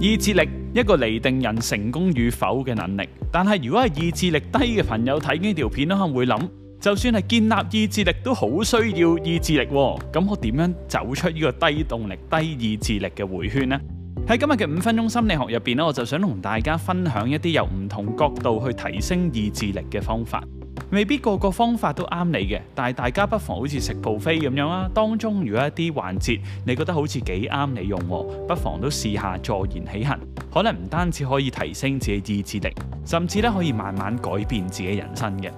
意志力，一個釐定人成功與否嘅能力，但係如果係意志力低嘅朋友睇呢條片咧，可能會諗，就算係建立意志力都好需要意志力喎，咁我點樣走出呢個低動力、低意志力嘅迴圈呢？喺今日嘅五分鐘心理學入邊咧，我就想同大家分享一啲由唔同角度去提升意志力嘅方法。未必個個方法都啱你嘅，但係大家不妨好似食 buffet 咁樣啦。當中如果一啲環節你覺得好似幾啱你用，不妨都試下助言起行。可能唔單止可以提升自己意志力，甚至咧可以慢慢改變自己人生嘅。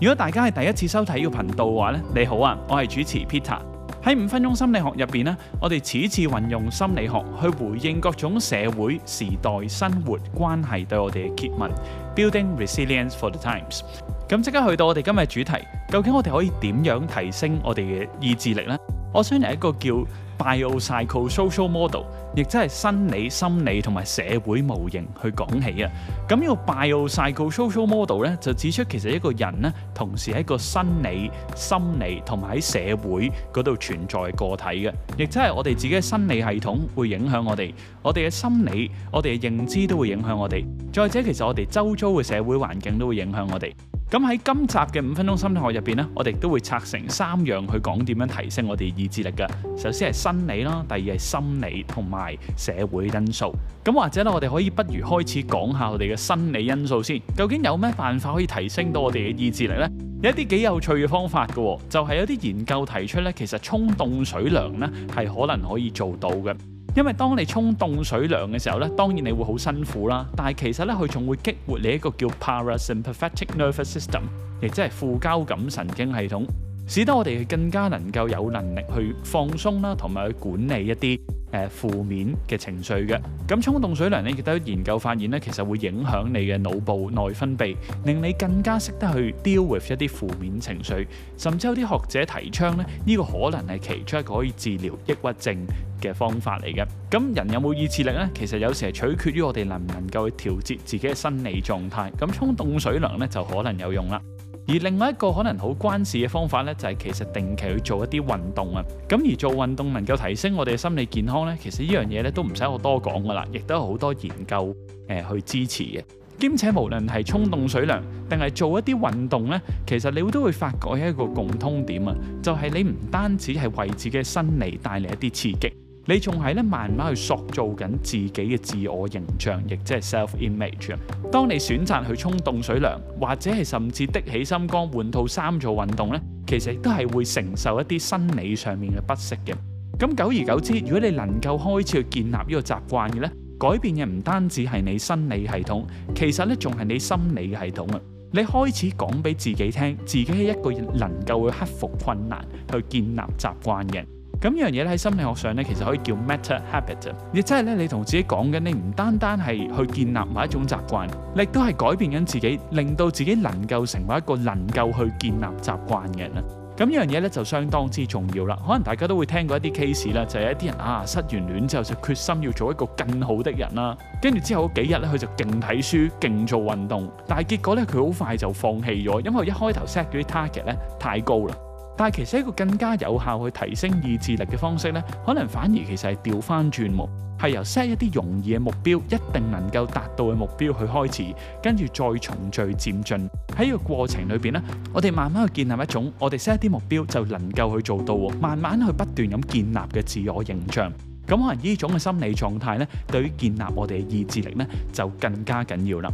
如果大家係第一次收睇呢個頻道嘅話呢，你好啊，我係主持 Peter。喺五分鐘心理學入邊呢，我哋次次運用心理學去回應各種社會、時代、生活關係對我哋嘅詰問，building resilience for the times。咁即刻去到我哋今日嘅主題，究竟我哋可以點樣提升我哋嘅意志力呢？我想嚟一個叫。biopsychosocial model，亦即係生理、心理同埋社會模型去講起啊。咁、這、呢個 biopsychosocial model 咧，就指出其實一個人咧，同時喺個生理、心理同埋喺社會嗰度存在個體嘅，亦即係我哋自己嘅生理系統會影響我哋，我哋嘅心理，我哋嘅認知都會影響我哋。再者，其實我哋周遭嘅社會環境都會影響我哋。咁喺今集嘅五分鐘心理學入邊呢我哋都會拆成三樣去講點樣提升我哋意志力嘅。首先係生理啦，第二係心理同埋社會因素。咁或者咧，我哋可以不如開始講下我哋嘅生理因素先。究竟有咩辦法可以提升到我哋嘅意志力呢？有一啲幾有趣嘅方法嘅喎，就係有啲研究提出呢，其實沖凍水涼呢係可能可以做到嘅。因為當你沖凍水涼嘅時候咧，當然你會好辛苦啦。但係其實咧，佢仲會激活你一個叫 parasympathetic nervous system，亦即係副交感神經系統，使得我哋更加能夠有能力去放鬆啦，同埋去管理一啲。誒負面嘅情緒嘅，咁沖凍水涼你亦都有研究發現咧，其實會影響你嘅腦部內分泌，令你更加識得去 deal with 一啲負面情緒，甚至有啲學者提倡咧，呢、這個可能係其中一個可以治療抑鬱症嘅方法嚟嘅。咁人有冇意志力呢？其實有時係取決於我哋能唔能夠去調節自己嘅生理狀態，咁沖凍水涼呢，就可能有用啦。而另外一個可能好關事嘅方法呢，就係、是、其實定期去做一啲運動啊。咁而做運動能夠提升我哋嘅心理健康呢，其實呢樣嘢呢都唔使我多講㗎喇，亦都有好多研究、呃、去支持嘅。兼且無論係沖凍水涼定係做一啲運動呢，其實你都會發覺一個共通點啊，就係、是、你唔單止係為自己嘅生理帶嚟一啲刺激。你仲係咧慢慢去塑造緊自己嘅自我形象，亦即係 self image。當你選擇去沖凍水涼，或者係甚至的起心肝換套衫做運動咧，其實都係會承受一啲生理上面嘅不適嘅。咁久而久之，如果你能夠開始去建立呢個習慣嘅咧，改變嘅唔單止係你生理系統，其實咧仲係你心理嘅系統啊。你開始講俾自己聽，自己係一個能夠去克服困難去建立習慣嘅。咁呢樣嘢喺心理學上咧，其實可以叫 meta habit，亦即係咧你同自己講緊，你唔單單係去建立某一種習慣，你亦都係改變緊自己，令到自己能夠成為一個能夠去建立習慣嘅人啦。咁呢樣嘢咧就相當之重要啦。可能大家都會聽過一啲 case 啦，就係一啲人啊失完戀，戀之後就決心要做一個更好的人啦，跟住之後嗰幾日咧佢就勁睇書、勁做運動，但係結果咧佢好快就放棄咗，因為一開頭 set 嗰啲 target 咧太高啦。但係其實一個更加有效去提升意志力嘅方式咧，可能反而其實係掉返轉，係由 set 一啲容易嘅目標，一定能夠達到嘅目標去開始，跟住再循序漸進。喺呢個過程裏邊咧，我哋慢慢去建立一種我哋 set 一啲目標就能夠去做到，慢慢去不斷咁建立嘅自我形象。咁可能呢種嘅心理狀態咧，對於建立我哋嘅意志力咧，就更加緊要啦。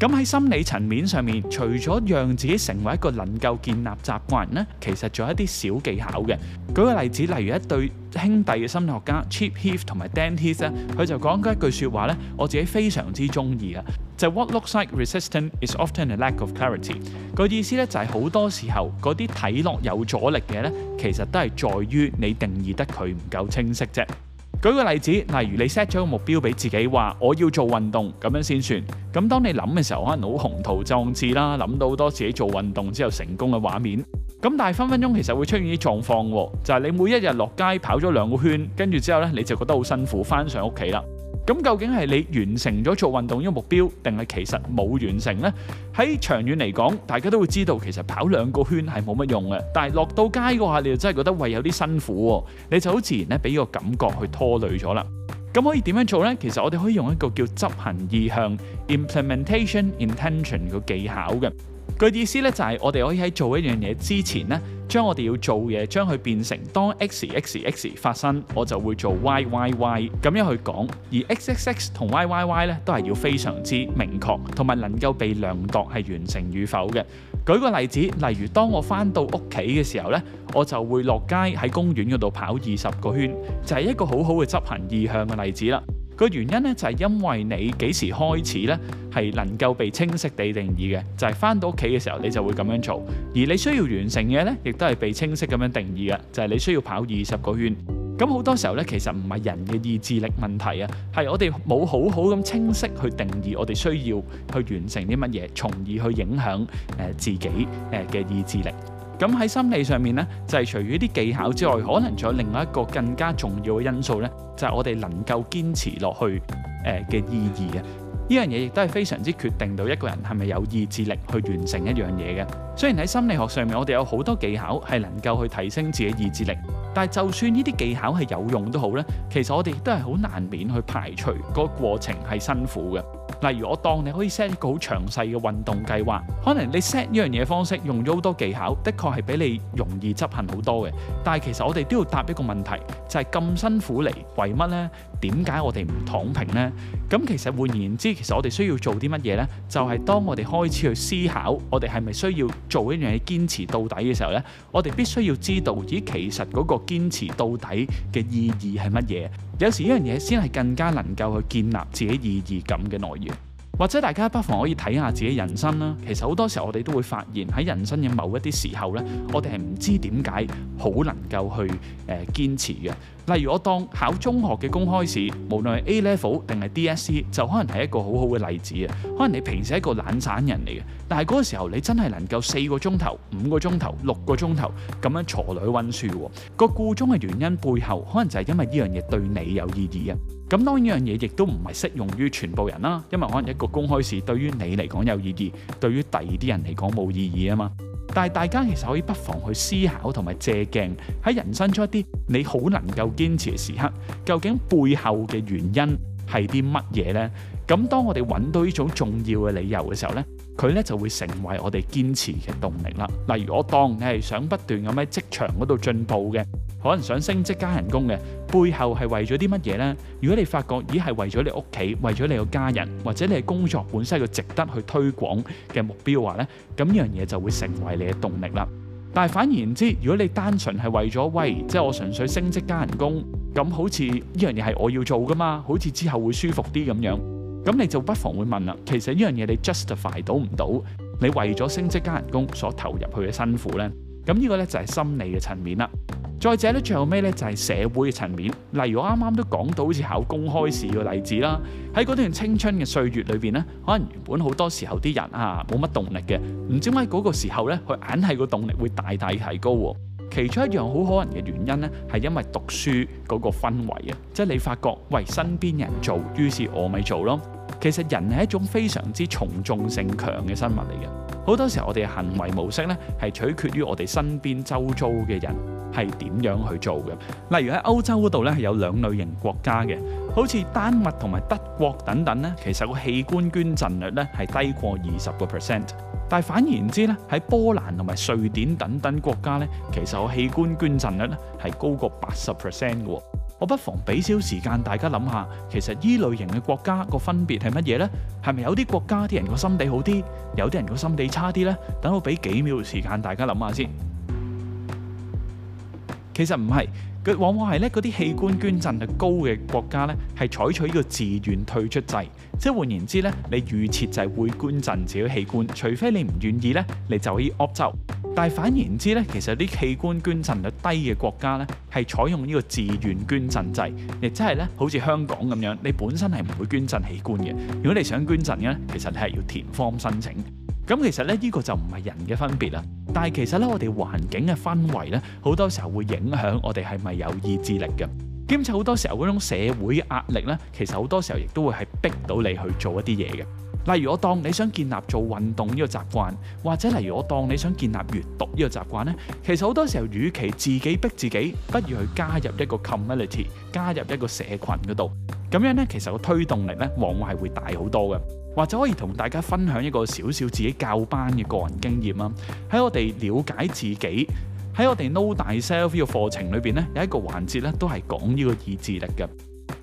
咁喺心理層面上面，除咗讓自己成為一個能夠建立習慣人咧，其實仲有一啲小技巧嘅。舉個例子，例如一對兄弟嘅心理學家 Chip Heath 同埋 Dan Heath 咧，佢就講過一句説話咧，我自己非常之中意呀，就係 What looks like resistance is often a lack of clarity。個意思咧就係好多時候嗰啲睇落有阻力嘅咧，其實都係在於你定義得佢唔夠清晰啫。舉個例子，例如你 set 咗個目標俾自己話，我要做運動咁樣先算。咁當你諗嘅時候，可能好宏圖壯志啦，諗到好多自己做運動之後成功嘅畫面。咁但係分分鐘其實會出現啲狀況喎，就係你每一日落街跑咗兩個圈，跟住之後呢，你就覺得好辛苦，翻上屋企啦。咁究竟係你完成咗做運動呢個目標，定係其實冇完成呢？喺長遠嚟講，大家都會知道其實跑兩個圈係冇乜用嘅。但係落到街嘅話，你就真係覺得喂，有啲辛苦、喎，你就好自然咧俾個感覺去拖累咗啦。咁可以點樣做呢？其實我哋可以用一個叫執行意向 （implementation intention） 個技巧嘅。佢意思咧就係、是、我哋可以喺做一樣嘢之前呢。將我哋要做嘢，將佢變成當 X, X X X 發生，我就會做、YY、Y Y Y 咁樣去講。而 X X X 同 Y Y Y 咧，都係要非常之明確，同埋能夠被量度係完成與否嘅。舉個例子，例如當我翻到屋企嘅時候咧，我就會落街喺公園嗰度跑二十個圈，就係、是、一個好好嘅執行意向嘅例子啦。個原因咧就係因為你幾時開始咧係能夠被清晰地定義嘅，就係翻到屋企嘅時候你就會咁樣做，而你需要完成嘅咧，亦都係被清晰咁樣定義嘅，就係你需要跑二十個圈。咁好多時候咧，其實唔係人嘅意志力問題啊，係我哋冇好好咁清晰去定義我哋需要去完成啲乜嘢，從而去影響誒自己誒嘅意志力。咁喺心理上面呢就係除咗啲技巧之外，可能仲有另外一個更加重要嘅因素呢就係、是、我哋能夠堅持落去嘅、呃、意義啊！呢樣嘢亦都係非常之決定到一個人係咪有意志力去完成一樣嘢嘅。雖然喺心理學上面，我哋有好多技巧係能夠去提升自己意志力，但係就算呢啲技巧係有用都好呢，其實我哋都係好難免去排除個過程係辛苦嘅。例如我當你可以 set 一個好詳細嘅運動計劃，可能你 set 呢樣嘢方式用咗好多技巧，的確係比你容易執行好多嘅。但係其實我哋都要答一個問題，就係咁辛苦嚟為乜呢？點解我哋唔躺平呢？咁其實換言之，其實我哋需要做啲乜嘢呢？就係當我哋開始去思考，我哋係咪需要做一樣嘢堅持到底嘅時候呢，我哋必須要知道，咦，其實嗰個堅持到底嘅意義係乜嘢？有時呢樣嘢先係更加能夠去建立自己意義感嘅內容，或者大家不妨可以睇下自己人生啦。其實好多時候我哋都會發現喺人生嘅某一啲時候呢，我哋係唔知點解好能夠去誒堅持嘅。例如我當考中學嘅公開試，無論係 A Level 定係 DSE，就可能係一個好好嘅例子啊！可能你平時係一個懶散人嚟嘅，但係嗰個時候你真係能夠四個鐘頭、五個鐘頭、六個鐘頭咁樣坐嚟溫書，個固中嘅原因背後，可能就係因為呢樣嘢對你有意義啊！咁當然呢樣嘢亦都唔係適用於全部人啦，因為可能一個公開試對於你嚟講有意義，對於第二啲人嚟講冇意義啊嘛。但係大家其實可以不妨去思考同埋借鏡，喺人生中一啲你好能夠堅持嘅時刻，究竟背後嘅原因係啲乜嘢呢？咁當我哋揾到呢種重要嘅理由嘅時候，呢佢呢就會成為我哋堅持嘅動力啦。例如我當你係想不斷咁喺職場嗰度進步嘅。可能想升職加人工嘅背後係為咗啲乜嘢呢？如果你發覺咦，係為咗你屋企，為咗你個家人，或者你嘅工作本身係個值得去推廣嘅目標話呢，咁呢樣嘢就會成為你嘅動力啦。但係反言之，如果你單純係為咗喂，即係我純粹升職加人工，咁好似呢樣嘢係我要做㗎嘛，好似之後會舒服啲咁樣，咁你就不妨會問啦。其實呢樣嘢你 justify 到唔到？你為咗升職加人工所投入去嘅辛苦呢，咁呢個呢就係心理嘅層面啦。再者咧，最後尾咧，就係社會嘅層面，例如我啱啱都講到，好似考公開試嘅例子啦。喺嗰段青春嘅歲月裏邊咧，可能原本好多時候啲人啊冇乜動力嘅，唔知點解嗰個時候咧，佢硬係個動力會大大提高喎。其中一樣好可能嘅原因咧，係因為讀書嗰個氛圍啊，即係你發覺喂，身邊人做，於是我咪做咯。其實人係一種非常之從眾性強嘅生物嚟嘅，好多時候我哋嘅行為模式咧係取決於我哋身邊周遭嘅人。係點樣去做嘅？例如喺歐洲嗰度咧，係有兩類型國家嘅，好似丹麥同埋德國等等咧，其實個器官捐贈率咧係低過二十個 percent。但係反而言之咧，喺波蘭同埋瑞典等等國家咧，其實個器官捐贈率咧係高過八十 percent 嘅。我不妨俾少時間大家諗下，其實依類型嘅國家個分別係乜嘢咧？係咪有啲國家啲人個心地好啲，有啲人個心地差啲咧？等我俾幾秒時間大家諗下先。其實唔係，佢往往係咧，嗰啲器官捐贈率高嘅國家咧，係採取呢個自願退出制。即係換言之咧，你預設就係會捐贈自己器官，除非你唔願意咧，你就去歐洲。但係反言之咧，其實啲器官捐贈率低嘅國家咧，係採用呢個自願捐贈制，亦即係咧，好似香港咁樣，你本身係唔會捐贈器官嘅。如果你想捐贈嘅咧，其實你係要填 form 申請。咁其實咧，呢個就唔係人嘅分別啦。但係其實咧，我哋環境嘅氛圍咧，好多時候會影響我哋係咪有意志力嘅。兼且好多時候嗰種社會壓力咧，其實好多時候亦都會係逼到你去做一啲嘢嘅。例如我當你想建立做運動呢個習慣，或者例如我當你想建立閱讀呢個習慣咧，其實好多時候，與其自己逼自己，不如去加入一個 community，加入一個社群嗰度，咁樣咧，其實個推動力咧，往往係會大好多嘅。或者可以同大家分享一個少少自己教班嘅個人經驗啊。喺我哋了解自己喺我哋 Know Thyself 呢個課程裏邊呢，有一個環節呢都係講呢個意志力嘅。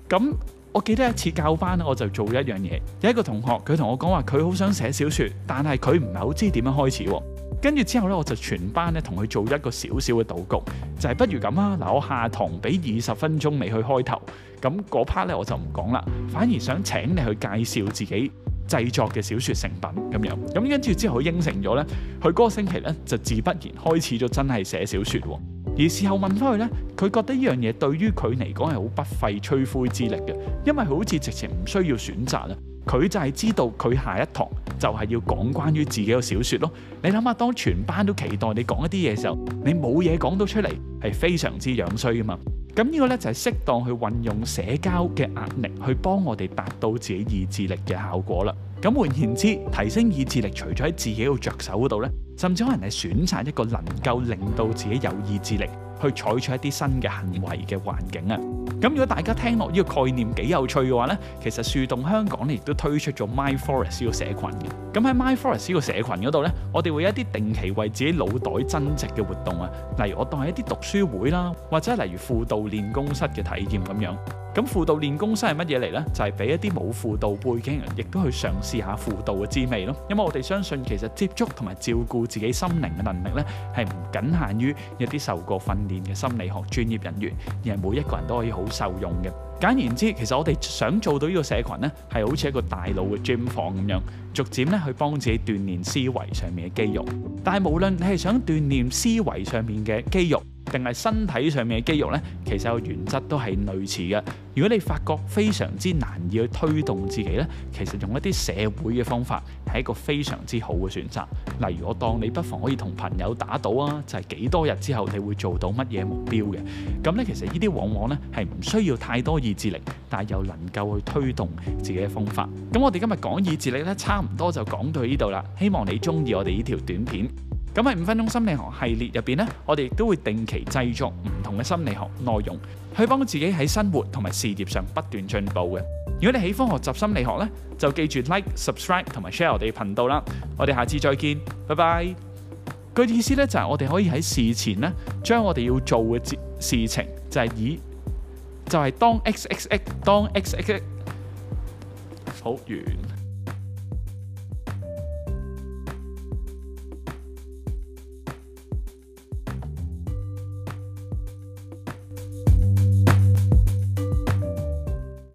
咁、嗯、我記得一次教班呢，我就做一樣嘢。有一個同學佢同我講話，佢好想寫小説，但係佢唔係好知點樣開始、啊。跟住之後呢，我就全班呢同佢做一個少少嘅賭局，就係、是、不如咁啊，嗱，我下堂俾二十分鐘你去開頭，咁嗰 part 呢，我就唔講啦，反而想請你去介紹自己。製作嘅小説成品咁樣，咁跟住之後佢應承咗呢。佢嗰個星期呢，就自不然開始咗真係寫小説喎、哦。而事後問翻佢呢，佢覺得依樣嘢對於佢嚟講係好不費吹灰之力嘅，因為好似直情唔需要選擇啊。佢就係知道佢下一堂就係要講關於自己嘅小説咯。你諗下，當全班都期待你講一啲嘢嘅時候，你冇嘢講到出嚟，係非常之樣衰㗎嘛。咁呢個咧就係、是、適當去運用社交嘅壓力，去幫我哋達到自己意志力嘅效果啦。咁換言之，提升意志力，除咗喺自己要着手嗰度呢，甚至可能係選擇一個能夠令到自己有意志力。去採取一啲新嘅行為嘅環境啊！咁如果大家聽落呢個概念幾有趣嘅話呢，其實樹洞香港咧亦都推出咗 MindForest 呢個社群嘅。咁喺 MindForest 呢個社群嗰度呢，我哋會有一啲定期為自己腦袋增值嘅活動啊，例如我當係一啲讀書會啦，或者例如輔導練功室嘅體驗咁樣。咁輔導練功室係乜嘢嚟呢？就係俾一啲冇輔導背景嘅，亦都去嘗試下輔導嘅滋味咯。因為我哋相信，其實接觸同埋照顧自己心靈嘅能力呢，係唔僅限於一啲受過訓練嘅心理學專業人員，而係每一個人都可以好受用嘅。簡言之，其實我哋想做到呢個社群呢，係好似一個大腦嘅 gym 房咁樣，逐漸咧去幫自己鍛煉思維上面嘅肌肉。但係無論你係想鍛煉思維上面嘅肌肉，定係身體上面嘅肌肉呢？其實個原則都係類似嘅。如果你發覺非常之難以去推動自己呢，其實用一啲社會嘅方法係一個非常之好嘅選擇。例如我當你不妨可以同朋友打賭啊，就係幾多日之後你會做到乜嘢目標嘅。咁呢，其實呢啲往往呢係唔需要太多意志力，但係又能夠去推動自己嘅方法。咁、嗯、我哋今日講意志力呢，差唔多就講到呢度啦。希望你中意我哋呢條短片。咁喺五分鐘心理學系列入邊呢，我哋亦都會定期製作唔同嘅心理學內容，去幫自己喺生活同埋事業上不斷進步嘅。如果你喜歡學習心理學呢，就記住 like、subscribe 同埋 share 我哋頻道啦。我哋下次再見，拜拜。佢意思呢就係我哋可以喺事前呢，將我哋要做嘅事情就係以就係當 X X X，當 X X X，好完。